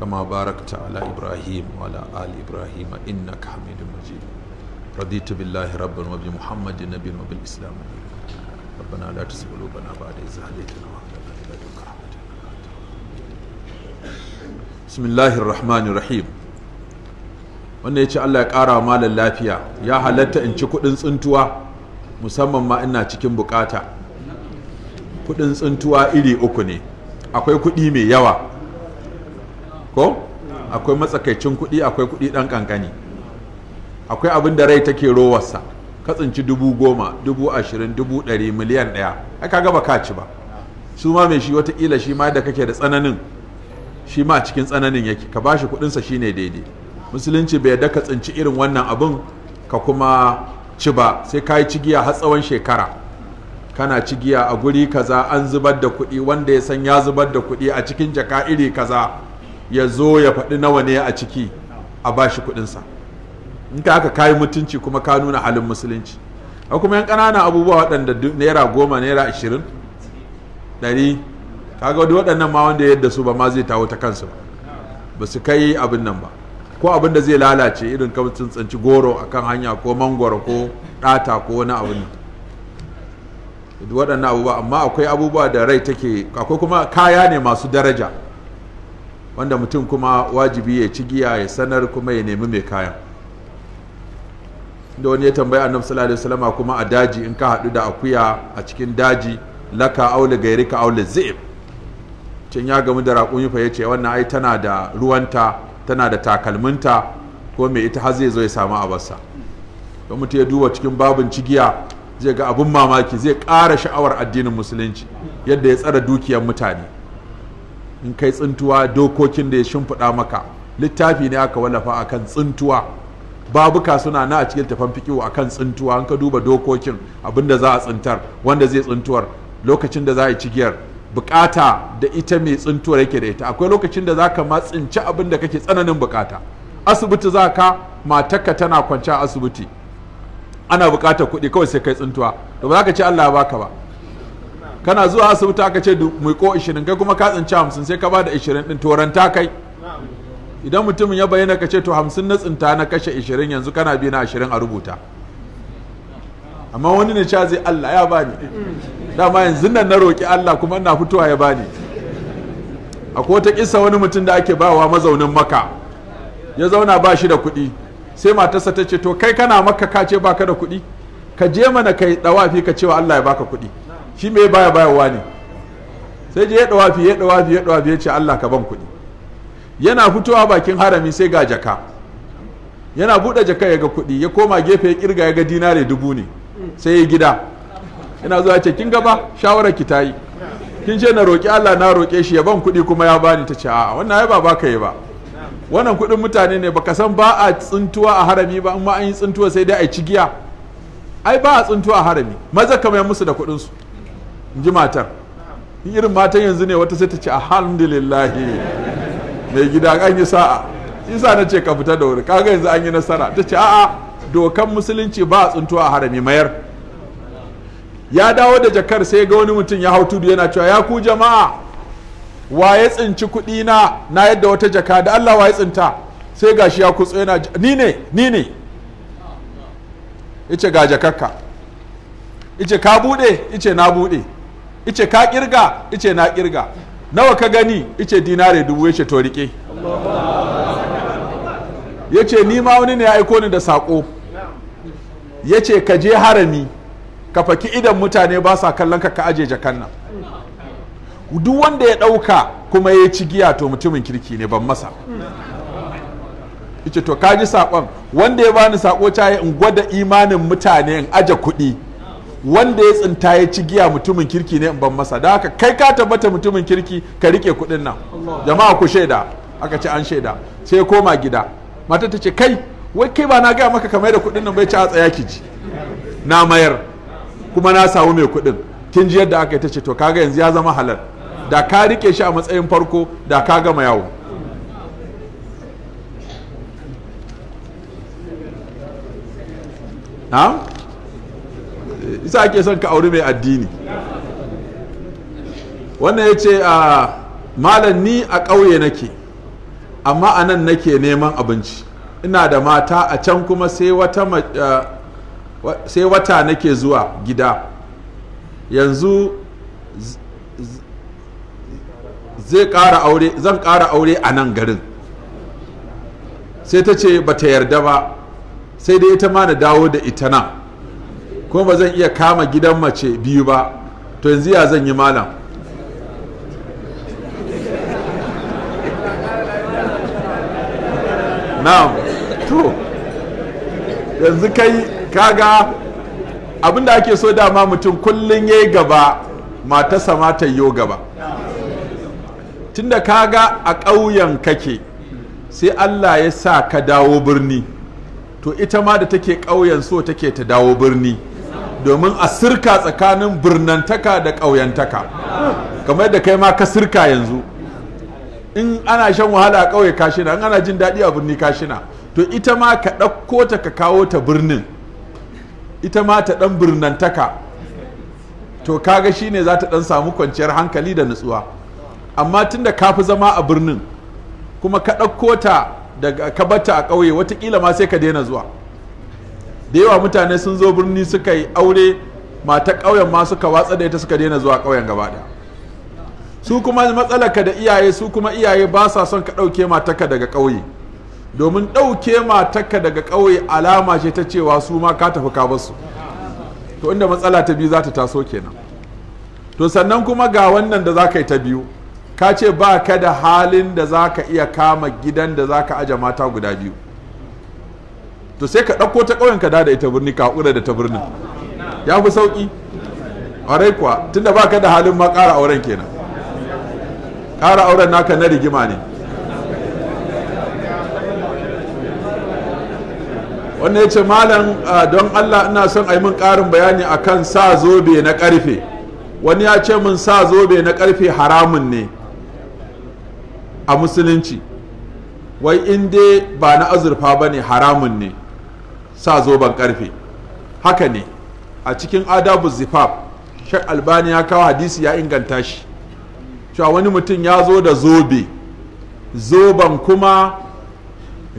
كما باركت على إبراهيم وعلى آل إبراهيم إنك حميد مجيد رضيت بالله ربا وبمحمد نبيا وبالإسلام دينا ربنا لا تزغ قلوبنا بعد إذ هديتنا وهب لنا من لدنك رحمة بسم الله الرحمن الرحيم wannan ya ce Allah ya ƙara malar lafiya ya halatta in ci kuɗin tsintuwa musamman ma ina cikin bukata kuɗin tsintuwa iri uku ne akwai kuɗi mai yawa ko akwai matsakaicin kuɗi akwai kuɗi ɗan ƙanƙani akwai abin da rai take rowarsa ka tsinci dubu goma dubu ashirin dubu ɗari miliyan ɗaya ai kaga ba ka ci ba su ma mai shi watakila shi ma da kake da tsananin shi ma cikin tsananin yake ka bashi kuɗinsa shi ne daidai musulunci bai yadda ka tsinci irin wannan abin ka kuma ci ba sai ka yi cigiya har tsawon shekara kana cigiya a guri kaza an zubar da kuɗi wanda ya san ya zubar da kuɗi a cikin jaka iri kaza ya zo ya faɗi nawa ne a ciki a bashi kuɗinsa in ka aka kayi mutunci kuma ka nuna halin musulunci a kuma yan ƙananan abubuwa waɗanda naira goma naira ashirin ɗari kaga wadda waɗannan ma wanda yadda su ba ma zai tawo ta kansu ba su kai abin nan ba ko abin da zai lalace irin kamar tsanci goro a kan hanya ko mangoro ko ɗata ko wani abin waɗannan abubuwa amma akwai abubuwa da rai take akwai kuma kaya ne masu daraja wanda mutum kuma wajibi ya ci giya ya sanar kuma ya nemi mai kayan da wani ya tambaya annabi sallallahu alaihi kuma a daji in ka haɗu da akuya a cikin daji laka aule gairika aule zib tun ya gamu da raƙumi fa yace wannan ai tana da ruwanta tana da takalminta ko mai ita har zai zo ya samu abarsa don mutum ya duba cikin babin cigiya zai ga abin mamaki zai ƙara sha'awar addinin musulunci yadda ya tsara dukiyar mutane in kai tsintuwa dokokin da ya shimfiɗa maka littafi ne aka wallafa akan tsintuwa babuka suna na a cikin tafan akan tsintuwa an ka duba dokokin abinda za a tsintar wanda zai tsintuwar lokacin da za a yi cigiyar bukata da ita mai tsintuwar yake da ita akwai lokacin da za ka ma tsinci abin da kake tsananin bukata asibiti za ka matarka tana kwanci a asibiti ana bukatar kuɗi kawai sai kai tsintuwa to ba za ka ce Allah ya baka ba kana zuwa asibiti aka ce mai ko 20 kai kuma ka tsinci 50 sai ka bada 20 din toranta kai idan mutumin ya bayyana ka ce to 50 na tsinta na kashe 20 yanzu kana bi na 20 a rubuta amma wani ne cha zai Allah ya bani dama yanzu nan na roki Allah kuma ina fitowa ya bani ko ta kissa wani mutum da ake bawa mazaunin maka ya zauna ba shi da kuɗi sai matarsa ta ce to kai kana maka ka ce baka da kuɗi ka je mana kai dawafi ka cewa Allah ya baka kuɗi shi me baya bayarwa ne sai je ya dawafi ya dawafi ya dawafi ya ce Allah ka ban kuɗi yana fitowa bakin harami sai ga jaka yana buɗe jaka ya ga kuɗi ya koma gefe ya kirga ya ga dinare dubu ne sai ya gida yana zuwa ce kin gaba shawarar ki ta yi kin ce na roƙi Allah na roƙe shi ya ban kuɗi kuma ya bani ta ce a'a wannan ai ba baka yi ba wannan kuɗin mutane ne baka san ba a tsintuwa a harami ba amma an yi tsintuwa sai dai a ci giya. ai ba a tsintuwa a harami maza kamar musu da kuɗinsu su in ji matar irin matan yanzu ne wata sai ta ce alhamdulillah mai gida an yi sa'a isa na ce ka fita da wuri kaga yanzu an yi nasara ta ce a'a dokan musulunci ba a tsuntuwa a harami mayar ya dawo da jakar sai ga wani mutum ya hau tudu yana cewa ya ku jama'a wa ya tsinci kuɗi na na yadda wata jaka da Allah wa ya tsinta sai gashi ya kutso yana ni ne ni ne yace ga jakarka ice ka bude ice na bude ice ka kirga ice na kirga nawa ka gani ice dinare dubu yace to rike yace ni ma wani ne ya aiko ni da sako yace ka je harami ka faki idan mutane ba sa kallon ka ka aje jakan nan duk wanda ya ɗauka kuma ya ci giya to mutumin kirki ne ban masa ice to kaji sakon wanda ya bani sako caye in gwada imanin mutane in aje kuɗi wanda ya tsinta ya ci giya mutumin kirki ne in ban masa da haka kai ka tabbata mutumin kirki ka rike kudin nan jama'a ku shaida aka ce an shaida sai koma gida mata ta ce kai wai kai ba na gaya maka kamar da kudin nan bai ci a tsaya ki ji na mayar kuma na samu mai kudin kin ji yadda aka yi ta ce to kaga yanzu ya zama halal da ka rike shi a matsayin farko da ka gama yawo na'am isa ake son ka auri mai addini wannan ya ce a ah, malam ni a ƙauye nake amma a nan nake neman abinci ina da mata a can kuma sai wata ah, nake zuwa gida yanzu zan ƙara aure a nan garin sai ta ce ba ta yarda ba sai dai ita ma na dawo da ita nan ko ba zan iya kama gidan mace biyu ba to yanzu ya zan yi malam na'am to yanzu kai kaga abinda ake so dama mutum kullum ya gaba matasa mata yi gaba tunda kaga a ƙauyen kake sai allah ya sa ka dawo birni to ita ma da take ƙauyen so take ta dawo birni domin a sirka tsakanin birnantaka da ƙauyantaka kamar yadda kai ma ka sirka yanzu in ana shan wahala a ƙauye kashina in ana jin daɗi a birni kashina to ita ma ka ɗauko ta ka kawo ta birnin ita ma ta ɗan birnantaka to kaga shine za ta ɗan samu kwanciyar hankali da nutsuwa amma tunda ka fi zama a birnin kuma ka ɗauko ta daga ka bata a ƙauye watakila ma sai ka daina zuwa da yawa mutane sun zo birni suka yi aure mata ƙauyen ma suka watsa da ita suka daina zuwa ƙauyen gaba ɗaya su kuma matsalaka da iyaye su kuma iyaye ba sa son ka ɗauke mataka daga ƙauye domin ɗauke mataka daga ƙauye alama ce ta cewa su ma ka tafi ka basu to inda matsala ta biyu za ta taso kenan to sannan kuma ga wannan da za ka yi ta biyu ka ce ba ka da halin da za ka iya kama gidan da za ka aje mata guda biyu to sai ka ɗauko ta ƙauyen ka da ita birni ka haƙura da ta birnin ya fi sauƙi ƙwarai kuwa tunda ba ka da halin ma ƙara auren kenan ƙara auren naka na rigima ne wannan ya ce malam don allah ina son a yi min ƙarin bayani akan sa zobe na ƙarfe wani ya ce min sa zobe na ƙarfe haramun ne a musulunci wai in dai ba na azurfa ba ne haramun ne sa zoben karfe haka ne a cikin adabu zifaf shek albani ya kawo hadisi ya inganta shi cewa wani mutum ya zo da zobe zoben kuma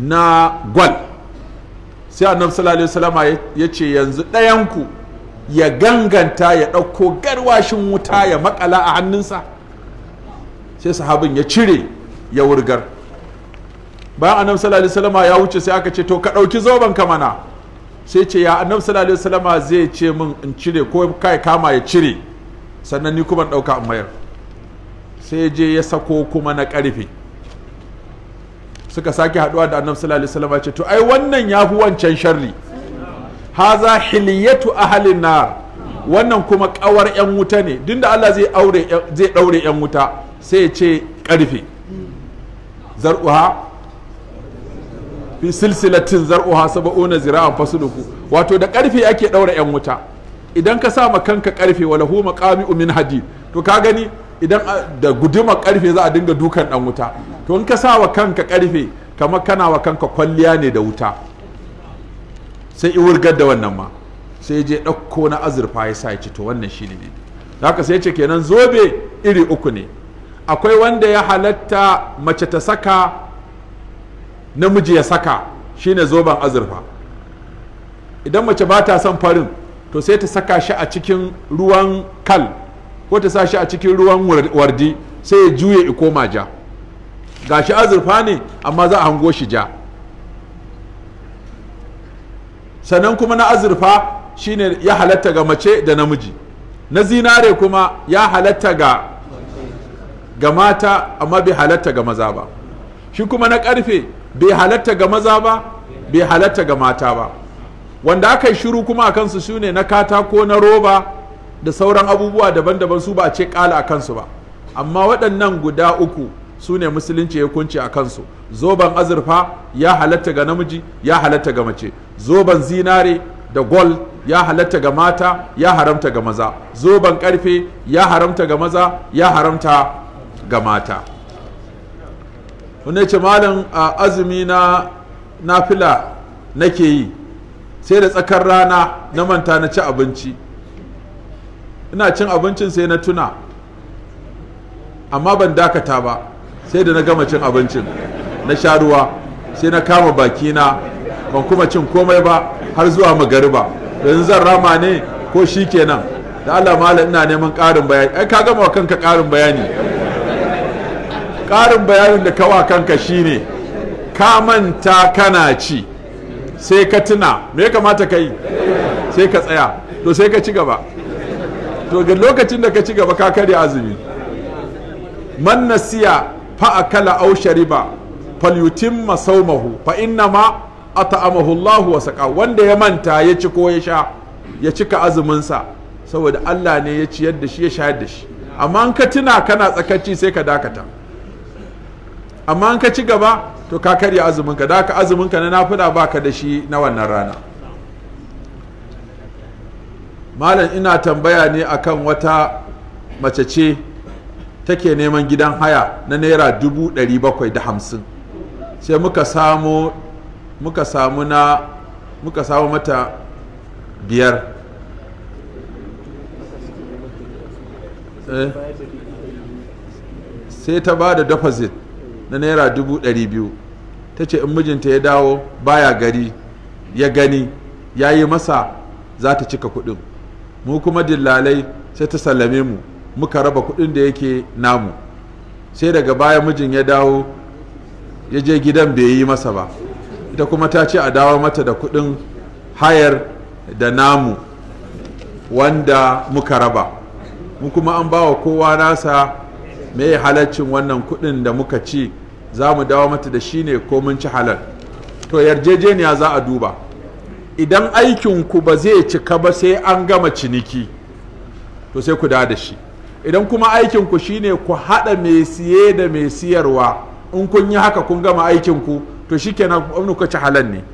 na gwal sai annabi sallallahu alaihi salama ya ce yanzu ɗayanku ya ganganta ya ɗauko garwashin wuta ya makala a hannunsa sai sahabin ya cire ya wurgar bayan annabi sallallahu alaihi salama ya wuce sai aka ce to ka ɗauki zoben ka mana sai ce ya annabi sallallahu alaihi wasallama zai ce min in cire ko kai kama ya cire sannan ni kuma dauka in mayar sai je ya sako kuma na ƙarfe suka sake haɗuwa da annabi sallallahu alaihi wasallama ce to ai wannan ya fi wancan sharri haza hiliyatu ahalin nar wannan kuma ƙawar yan wuta ne duk Allah zai aure zai ɗaure yan wuta sai ya ce ƙarfe zar'uha fi silsilatin zar'uha sab'una zira'an fasluku wato da karfe ake daura yan wuta idan ka sa ma kanka karfe wala hu maqami'u min hadid to ka gani idan da guduma karfe za a dinga dukan dan wuta to in ka sa wa kanka karfe kamar kana wa kanka kwalliya ne da wuta sai i wurgar da wannan ma sai je ɗauko na azurfa ya sa ya ci to wannan shi ne haka sai ce kenan zobe iri uku ne akwai wanda ya halatta mace ta saka namiji ya saka shine zoben azurfa idan mace ba ta son farin to sai ta saka shi a cikin ruwan kal ko ta sa shi a cikin ruwan wardi sai ya juye i koma ja ga shi azurfa ne amma za a hango shi ja sannan kuma na azurfa shine ya halatta ga mace da namiji na zinare kuma ya halatta ga ga mata amma bai halatta ga maza ba shi kuma na karfe bai halatta ga maza ba bai halatta ga mata ba wanda aka yi shiru kuma a kansu su ne na katako na roba da sauran abubuwa daban-daban su ba a ce kala a kansu ba amma waɗannan guda uku su ne musulunci ya kunce a kansu zoben azurfa ya halatta ga namiji ya halatta ga mace zoben zinare da gold ya halatta ga mata ya haramta ga maza zoben karfe ya haramta ga maza ya haramta ga mata wanda ya ce malam azumi na nafila nake yi sai da tsakar rana na manta na ci abinci ina cin abincin sai na tuna amma ban dakata ba sai da na gama cin abincin na sha ruwa sai na kama bakina ban kuma cin komai ba har zuwa magariba yanzu zan rama ne ko shi kenan da Allah malam ina neman ƙarin bayani ai ka gama wa kanka ƙarin bayani ƙarin bayanin da kawa kanka shine ka manta kana ci sai ka tuna me ya kamata ka yi sai ka tsaya to sai ka ci gaba to ga lokacin da ka ci gaba ka karya azumi man nasiya fa akala aw shariba falyutimma sawmahu fa ma at'amahu Allahu wa saqa wanda ya manta ya ci ko ya sha ya cika azumin sa saboda Allah ne ya ciyar yadda shi ya shayar da shi amma in ka tuna kana tsakaci sai ka dakata amma in ka ci gaba to ka karya azuminka da haka azuminka na ba ka da shi na wannan rana malam ina tambaya ne akan wata mace ce take neman gidan haya na naira dubu ɗari bakwai da hamsin sai muka samu muka samu na muka samu mata biyar eh? sai ta ba da deposit na naira dubu ɗari biyu ta ce in mijinta ya dawo baya gari ya gani ya yi masa za ta cika kuɗin mu kuma dillalai sai ta sallame mu muka raba kuɗin da yake namu sai daga baya mijin ya dawo ya je gidan bai yi masa ba ita kuma ta ce a dawo mata da kuɗin hayar da namu wanda muka raba mu kuma an ba wa kowa nasa me halaccin wannan kuɗin da muka ci za mu dawo mata da shi ne ko mun ci halal to yarjejeniya za a duba idan aikinku ba zai cika ba sai an gama ciniki to sai ku da shi idan kuma aikinku ne ku haɗa mai siye da mai siyarwa in kun yi haka kun gama aikinku to shi kenan ku ci halal ne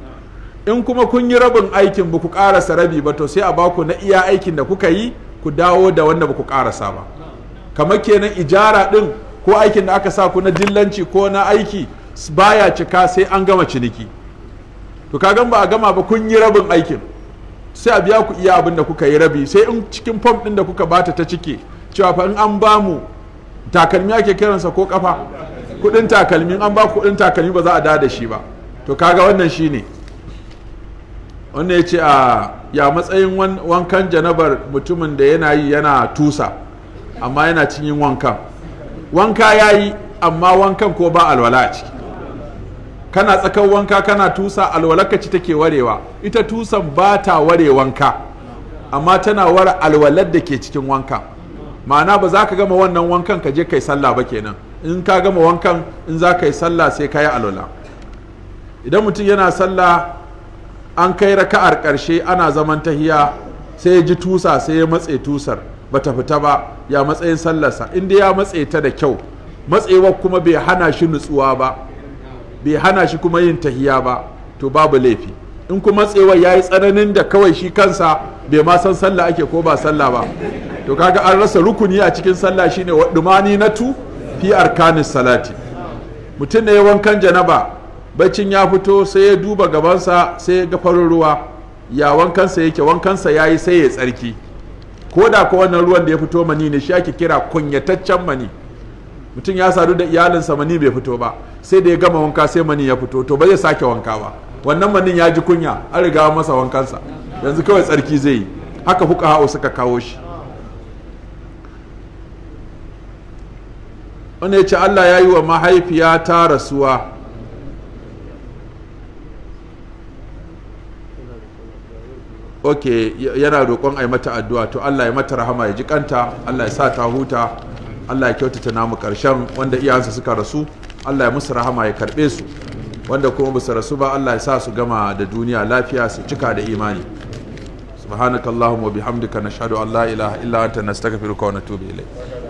in kuma kun yi rabin aikin ba ku ƙarasa rabi ba to sai a baku na iya aikin da kuka yi ku dawo da wanda ba ku ƙarasa ba kamar kenan ijara din ko aikin da aka sa ku na dillanci ko na aiki baya cika sai an gama ciniki to kagan ba a gama ba kun yi rabin aikin sai a biya ku iya abin da kuka yi rabi sai in cikin fom din da kuka bata ta cike cewa fa in an ba mu takalmi ake kiransa ko kafa kuɗin takalmi an ba kuɗin takalmi ba za a da da shi ba to kaga wannan shi ne wannan ya ce a ah, ya matsayin wankan janabar mutumin da yana yi yana tusa amma yana cin yin wankan wanka ya yi amma wankan ko ba alwala a ciki kana tsakan wanka kana tusa alwalarka ci take warewa ita tusan ba ta ware wanka amma tana ware alwalar da ke cikin wanka ma'ana ba za ka gama wannan wankan ka je kai sallah ba kenan in ka gama wankan in za ka yi sallah sai ka yi alwala idan mutum yana sallah an kai raka'ar ƙarshe ana zaman tahiya sai ya ji tusa sai ya matse tusar bata fita ba ya matsayin sallarsa inda ya matse ta da kyau matsewar kuma bai hana shi nutsuwa ba bai hana shi kuma yin tahiya ba to babu laifi in kuma matsewar ya yi tsananin da kawai shi kansa bai ma san sallah ake ko ba sallah ba to kaga an rasa rukuni a cikin sallah shine dumani na tu fi arkanis salati mutum da ya wankan janaba baccin ya fito sai ya duba gabansa sai ya ga farin ruwa ya wankansa yake wankansa ya yi sai ya tsarki ko da ko wannan ruwan da ya fito mani ne shi ake kira kunyataccen mani mutum ya sadu da iyalinsa mani bai fito ba sai da ya gama wanka sai mani ya fito to ba zai sake wanka ba wannan manin ya ji kunya an riga masa wankansa yanzu kawai tsarki zai yi haka fuka ha'o suka kawo shi wanda ya ce allah ya yi wa mahaifiya ta rasuwa ok yana roƙon a yi mata addu'a to Allah ya mata rahama ya ji kanta Allah ya sa ta huta Allah ya kyautata namu ƙarshen wanda iyayensa suka rasu Allah ya musu rahama ya karɓe su wanda kuma ba su rasu ba Allah ya sa su gama da duniya lafiya su cika da imani subhanakallahumma wa bihamdika nashhadu an la ilaha illa anta nastaghfiruka wa natubu ilayk